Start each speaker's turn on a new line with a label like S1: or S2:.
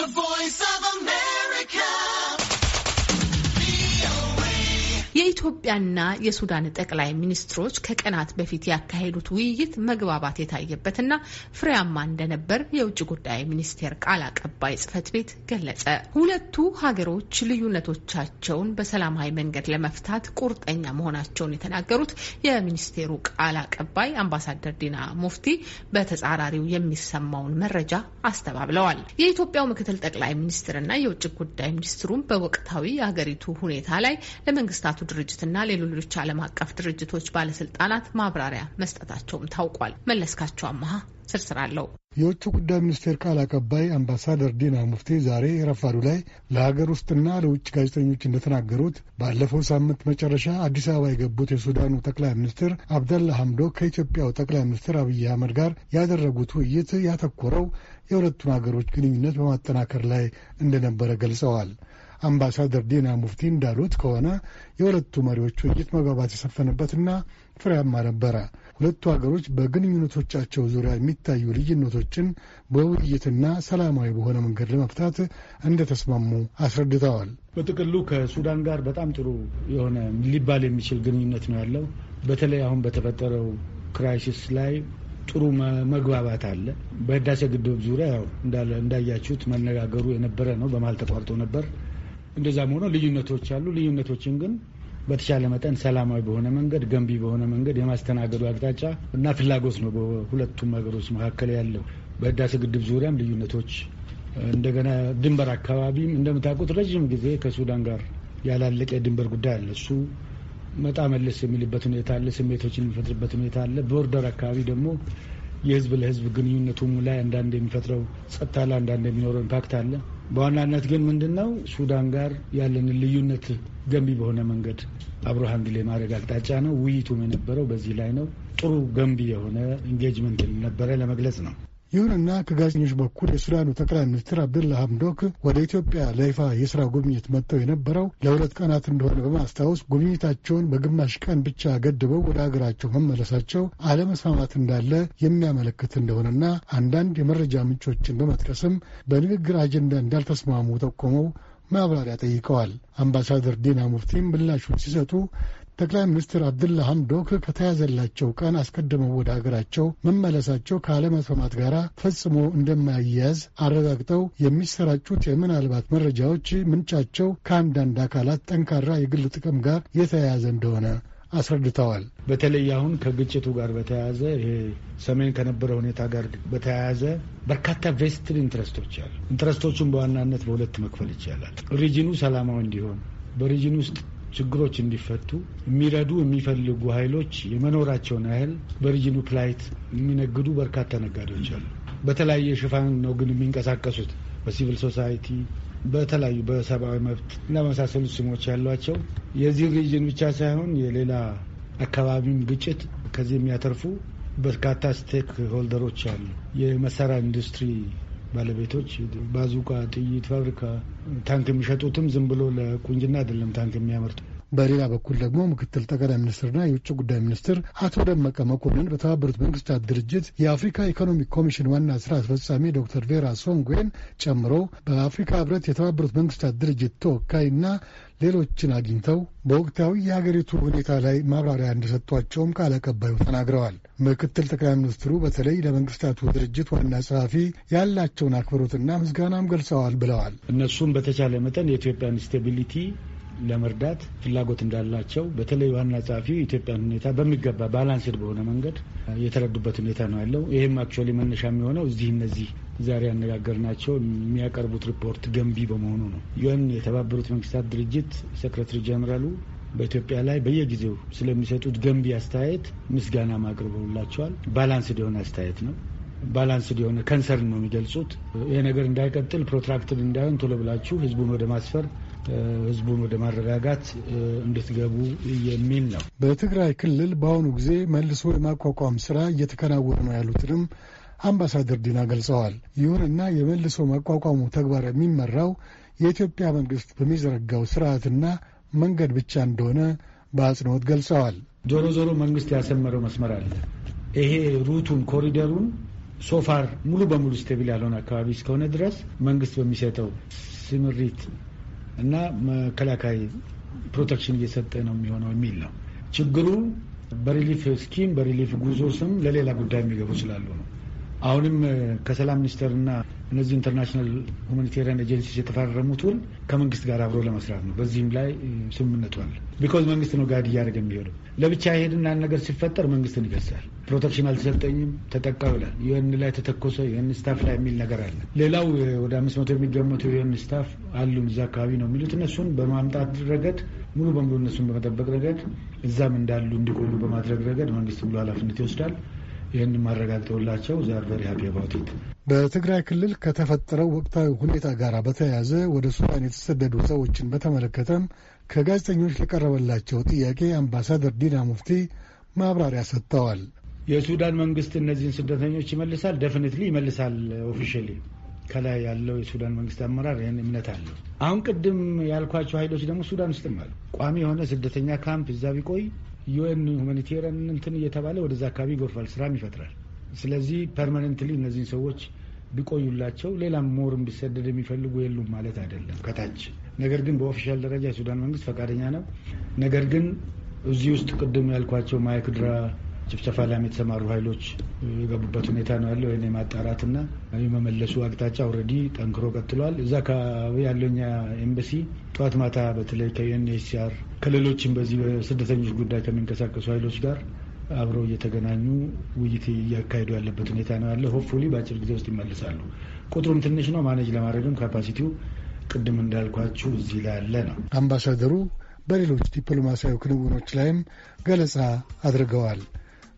S1: The Voice of a man. የኢትዮጵያና የሱዳን ጠቅላይ ሚኒስትሮች ከቀናት በፊት ያካሄዱት ውይይት መግባባት የታየበትና ፍሬያማ እንደነበር የውጭ ጉዳይ ሚኒስቴር ቃል አቀባይ ጽህፈት ቤት ገለጸ። ሁለቱ ሀገሮች ልዩነቶቻቸውን በሰላማዊ መንገድ ለመፍታት ቁርጠኛ መሆናቸውን የተናገሩት የሚኒስቴሩ ቃል አቀባይ አምባሳደር ዲና ሙፍቲ በተጻራሪው የሚሰማውን መረጃ አስተባብለዋል። የኢትዮጵያው ምክትል ጠቅላይ ሚኒስትርና የውጭ ጉዳይ ሚኒስትሩም በወቅታዊ የሀገሪቱ ሁኔታ ላይ ለመንግስታቱ ድርጅት ድርጅትና ሌሎች ዓለም አቀፍ ድርጅቶች ባለስልጣናት ማብራሪያ መስጠታቸውም ታውቋል። መለስካቸው አመሃ ስርስር አለው። የውጭ ጉዳይ ሚኒስቴር ቃል አቀባይ አምባሳደር ዲና ሙፍቲ ዛሬ ረፋዱ ላይ ለሀገር ውስጥና ለውጭ ጋዜጠኞች እንደተናገሩት ባለፈው ሳምንት መጨረሻ አዲስ አበባ የገቡት የሱዳኑ ጠቅላይ ሚኒስትር አብደላ ሐምዶ ከኢትዮጵያው ጠቅላይ ሚኒስትር አብይ አህመድ ጋር ያደረጉት ውይይት ያተኮረው የሁለቱን ሀገሮች ግንኙነት በማጠናከር ላይ እንደነበረ ገልጸዋል። አምባሳደር ዲና ሙፍቲ እንዳሉት ከሆነ የሁለቱ መሪዎች ውይይት መግባባት የሰፈነበትና ፍሬያማ ነበረ። ሁለቱ ሀገሮች በግንኙነቶቻቸው ዙሪያ የሚታዩ ልዩነቶችን በውይይትና ሰላማዊ በሆነ መንገድ ለመፍታት እንደተስማሙ አስረድተዋል።
S2: በጥቅሉ ከሱዳን ጋር በጣም ጥሩ የሆነ ሊባል የሚችል ግንኙነት ነው ያለው። በተለይ አሁን በተፈጠረው ክራይሲስ ላይ ጥሩ መግባባት አለ። በህዳሴ ግድብ ዙሪያ ያው እንዳያችሁት መነጋገሩ የነበረ ነው። በመሀል ተቋርጦ ነበር። እንደዛም ሆኖ ልዩነቶች አሉ። ልዩነቶችን ግን በተቻለ መጠን ሰላማዊ በሆነ መንገድ ገንቢ በሆነ መንገድ የማስተናገዱ አቅጣጫ እና ፍላጎት ነው በሁለቱም ሀገሮች መካከል ያለው። በህዳሴ ግድብ ዙሪያም ልዩነቶች እንደገና ድንበር አካባቢም እንደምታውቁት ረዥም ጊዜ ከሱዳን ጋር ያላለቀ የድንበር ጉዳይ አለ። እሱ መጣ መለስ የሚልበት ሁኔታ አለ፣ ስሜቶችን የሚፈጥርበት ሁኔታ አለ። ቦርደር አካባቢ ደግሞ የህዝብ ለህዝብ ግንኙነቱ ላይ አንዳንድ የሚፈጥረው ጸጥታ ላይ አንዳንድ የሚኖረው ኢምፓክት አለ። በዋናነት ግን ምንድን ነው ሱዳን ጋር ያለንን ልዩነት ገንቢ በሆነ መንገድ አብሮ ሀንድል ማድረግ አቅጣጫ ነው። ውይይቱም የነበረው በዚህ ላይ ነው። ጥሩ ገንቢ የሆነ ኢንጌጅመንት ነበረ ለመግለጽ ነው።
S1: ይሁንና ከጋዜጠኞች በኩል የሱዳኑ ጠቅላይ ሚኒስትር አብደላ ምዶክ ወደ ኢትዮጵያ ለይፋ የሥራ ጉብኝት መጥተው የነበረው ለሁለት ቀናት እንደሆነ በማስታወስ ጉብኝታቸውን በግማሽ ቀን ብቻ ገድበው ወደ አገራቸው መመለሳቸው አለመስማማት እንዳለ የሚያመለክት እንደሆነና አንዳንድ የመረጃ ምንጮችን በመጥቀስም በንግግር አጀንዳ እንዳልተስማሙ ጠቁመው ማብራሪያ ጠይቀዋል። አምባሳደር ዲና ሙፍቲም ምላሹን ሲሰጡ ጠቅላይ ሚኒስትር አብድላ ሐምዶክ ከተያዘላቸው ቀን አስቀድመው ወደ ሀገራቸው መመለሳቸው ከአለመስማማት ጋር ፈጽሞ እንደማያያዝ አረጋግጠው የሚሰራጩት የምናልባት መረጃዎች ምንጫቸው ከአንዳንድ አካላት ጠንካራ የግል ጥቅም ጋር የተያያዘ እንደሆነ አስረድተዋል።
S2: በተለይ አሁን ከግጭቱ ጋር በተያያዘ ይሄ ሰሜን ከነበረ ሁኔታ ጋር በተያያዘ በርካታ ቬስትድ ኢንትረስቶች አሉ። ኢንትረስቶቹን በዋናነት በሁለት መክፈል ይቻላል። ሪጅኑ ሰላማዊ እንዲሆን በሪጅን ውስጥ ችግሮች እንዲፈቱ የሚረዱ የሚፈልጉ ኃይሎች የመኖራቸውን ያህል በሪጅኑ ፕላይት የሚነግዱ በርካታ ነጋዴዎች አሉ። በተለያየ ሽፋን ነው ግን የሚንቀሳቀሱት በሲቪል ሶሳይቲ በተለያዩ በሰብአዊ መብት እና መሳሰሉት ስሞች ያሏቸው የዚህ ሪጅን ብቻ ሳይሆን የሌላ አካባቢም ግጭት ከዚህ የሚያተርፉ በርካታ ስቴክ ሆልደሮች አሉ። የመሳሪያ ኢንዱስትሪ ባለቤቶች ባዙቃ፣
S1: ጥይት፣ ፋብሪካ፣ ታንክ የሚሸጡትም ዝም ብሎ ለቁንጅና አይደለም ታንክ የሚያመርቱ በሌላ በኩል ደግሞ ምክትል ጠቅላይ ሚኒስትርና የውጭ ጉዳይ ሚኒስትር አቶ ደመቀ መኮንን በተባበሩት መንግስታት ድርጅት የአፍሪካ ኢኮኖሚክ ኮሚሽን ዋና ስራ አስፈጻሚ ዶክተር ቬራ ሶንጉዌን ጨምሮ በአፍሪካ ህብረት የተባበሩት መንግስታት ድርጅት ተወካይና ሌሎችን አግኝተው በወቅታዊ የሀገሪቱ ሁኔታ ላይ ማብራሪያ እንደሰጧቸውም ቃል አቀባዩ ተናግረዋል። ምክትል ጠቅላይ ሚኒስትሩ በተለይ ለመንግስታቱ ድርጅት ዋና ጸሐፊ ያላቸውን አክብሮትና ምስጋናም ገልጸዋል ብለዋል። እነሱም በተቻለ መጠን የኢትዮጵያን ስቴቢሊቲ ለመርዳት ፍላጎት
S2: እንዳላቸው በተለይ ዋና ጸሐፊው የኢትዮጵያን ሁኔታ በሚገባ ባላንስድ በሆነ መንገድ የተረዱበት ሁኔታ ነው ያለው። ይህም አክቹዋሊ መነሻ የሚሆነው እዚህ እነዚህ ዛሬ ያነጋገርናቸው የሚያቀርቡት ሪፖርት ገንቢ በመሆኑ ነው። ይህን የተባበሩት መንግስታት ድርጅት ሴክረታሪ ጀኔራሉ በኢትዮጵያ ላይ በየጊዜው ስለሚሰጡት ገንቢ አስተያየት ምስጋና ማቅርበውላቸዋል። ባላንስድ የሆነ አስተያየት ነው። ባላንስድ የሆነ ከንሰርን ነው የሚገልጹት። ይሄ ነገር እንዳይቀጥል ፕሮትራክትድ እንዳይሆን ቶሎ ብላችሁ ህዝቡን ወደ ማስፈር ህዝቡን ወደ ማረጋጋት እንድትገቡ የሚል ነው።
S1: በትግራይ ክልል በአሁኑ ጊዜ መልሶ የማቋቋም ስራ እየተከናወነ ነው ያሉትንም አምባሳደር ዲና ገልጸዋል። ይሁንና የመልሶ ማቋቋሙ ተግባር የሚመራው የኢትዮጵያ መንግስት በሚዘረጋው ስርዓትና መንገድ ብቻ እንደሆነ በአጽንኦት ገልጸዋል። ዞሮ ዞሮ መንግስት ያሰመረው መስመር አለ። ይሄ
S2: ሩቱን ኮሪደሩን ሶፋር ሙሉ በሙሉ ስቴቢል ያልሆነ አካባቢ እስከሆነ ድረስ መንግስት በሚሰጠው ስምሪት እና መከላከያ ፕሮቴክሽን እየሰጠ ነው የሚሆነው የሚል ነው ችግሩ። በሪሊፍ ስኪም በሪሊፍ ጉዞ ስም ለሌላ ጉዳይ የሚገቡ ስላሉ ነው። አሁንም ከሰላም ሚኒስቴርና እነዚህ ኢንተርናሽናል ሁማኒቴሪያን ኤጀንሲስ የተፈራረሙት ውል ከመንግስት ጋር አብሮ ለመስራት ነው። በዚህም ላይ ስምምነቱ አለ። ቢኮዝ መንግስት ነው ጋድ እያደረገ የሚሄደው። ለብቻ ሄድና ነገር ሲፈጠር መንግስትን ይገሳል። ፕሮቴክሽን አልተሰጠኝም ተጠቃ ይላል። ዩኤን ላይ ተተኮሰ፣ ዩኤን ስታፍ ላይ የሚል ነገር አለ። ሌላው ወደ አምስት መቶ የሚገመቱ ዩኤን ስታፍ አሉን እዛ አካባቢ ነው የሚሉት። እነሱን በማምጣት ረገድ ሙሉ በሙሉ እነሱን በመጠበቅ ረገድ እዛም እንዳሉ እንዲቆዩ በማድረግ ረገድ መንግስት ሙሉ ኃላፊነት ይወስዳል። ይህን ማረጋግጠውላቸው ዛር ቨሪ ሀፒ አባውት ኢት።
S1: በትግራይ ክልል ከተፈጠረው ወቅታዊ ሁኔታ ጋር በተያያዘ ወደ ሱዳን የተሰደዱ ሰዎችን በተመለከተም ከጋዜጠኞች ለቀረበላቸው ጥያቄ አምባሳደር ዲና ሙፍቲ ማብራሪያ ሰጥተዋል። የሱዳን
S2: መንግስት እነዚህን ስደተኞች ይመልሳል፣ ደፍኒትሊ ይመልሳል። ኦፊሻሊ ከላይ
S1: ያለው የሱዳን መንግስት
S2: አመራር ይህን እምነት አለው። አሁን ቅድም ያልኳቸው ኃይሎች ደግሞ ሱዳን ውስጥም አሉ። ቋሚ የሆነ ስደተኛ ካምፕ እዛ ቢቆይ ዩኤን ሁማኒቴሪያን እንትን እየተባለ ወደዛ አካባቢ ይጎርፋል፣ ስራም ይፈጥራል። ስለዚህ ፐርማነንትሊ እነዚህን ሰዎች ቢቆዩላቸው ሌላም ሞርም ቢሰደድ የሚፈልጉ የሉም ማለት አይደለም ከታች ነገር ግን በኦፊሻል ደረጃ የሱዳን መንግስት ፈቃደኛ ነው። ነገር ግን እዚህ ውስጥ ቅድም ያልኳቸው ማይክድራ ጭፍጨፋ ላይም የተሰማሩ ኃይሎች የገቡበት ሁኔታ ነው ያለው። ይህን የማጣራትና የመመለሱ አቅጣጫ ኦልሬዲ ጠንክሮ ቀጥሏል። እዛ አካባቢ ያለው እኛ ኤምበሲ ጠዋት ማታ በተለይ ከዩኤንኤችሲአር ከሌሎችም በዚህ በስደተኞች ጉዳይ ከሚንቀሳቀሱ ኃይሎች ጋር አብረው እየተገናኙ ውይይት እያካሄዱ ያለበት ሁኔታ ነው ያለ። ሆፕፉሊ በአጭር ጊዜ ውስጥ ይመልሳሉ። ቁጥሩም ትንሽ ነው፣ ማኔጅ ለማድረግም
S1: ካፓሲቲው ቅድም እንዳልኳችሁ እዚህ ላይ ያለ ነው። አምባሳደሩ በሌሎች ዲፕሎማሲያዊ ክንውኖች ላይም ገለጻ አድርገዋል።